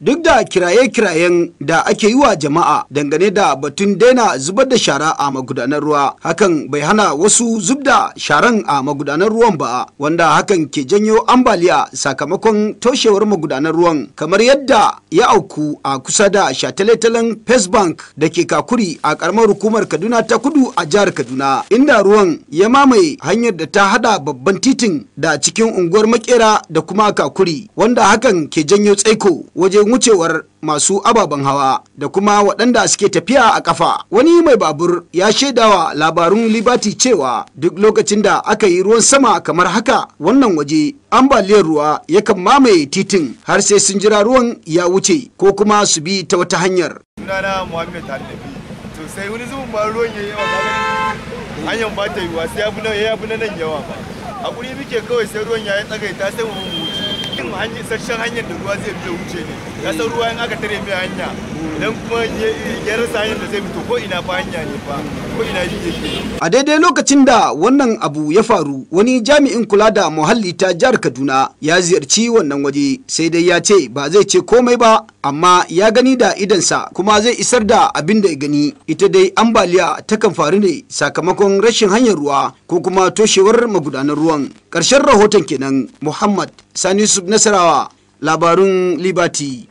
duk da kiraye-kirayen da ake yi wa jama'a dangane da batun daina zubar da shara a magudanar ruwa hakan bai hana wasu zub da sharan a magudanar ruwan ba wanda hakan ke janyo ambaliya sakamakon toshewar magudanar ruwan kamar yadda ya auku a kusa da shataletalen bank da ke kakuri a karamar hukumar kaduna ta kudu a jihar kaduna inda ruwan ya mamaye hanyar da ta hada babban titin da cikin unguwar makera da kuma kakuri wanda hakan ke janyo tsaiko wajen wucewar masu ababen hawa da kuma waɗanda suke tafiya a ƙafa wani mai babur ya shaidawa labarun libati cewa duk lokacin da aka yi ruwan sama kamar haka wannan waje ambaliyar ruwa yakan mamaye titin har sai sun jira ruwan ya wuce ko kuma su bi ta wata hanyar a kuri muke kawai sai ruwan ya tsagaita sai mu aikin sashen hanyar da ruwa zai biyo wuce ne kasar ruwa in aka tare mai hanya idan kuma ya rasa hanyar da zai fito ko ina fa hanya ne fa ko ina shi yake a daidai lokacin da wannan abu ya faru wani jami'in kula da muhalli ta jihar kaduna ya ziyarci wannan waje sai dai ya ce ba zai ce komai ba amma ya gani da idansa kuma zai isar da abin da ya gani ita dai ambaliya takan faru ne sakamakon rashin hanyar ruwa ko kuma toshewar magudanar ruwan ƙarshen rahoton kenan muhammad sani nasarawa labarun liberty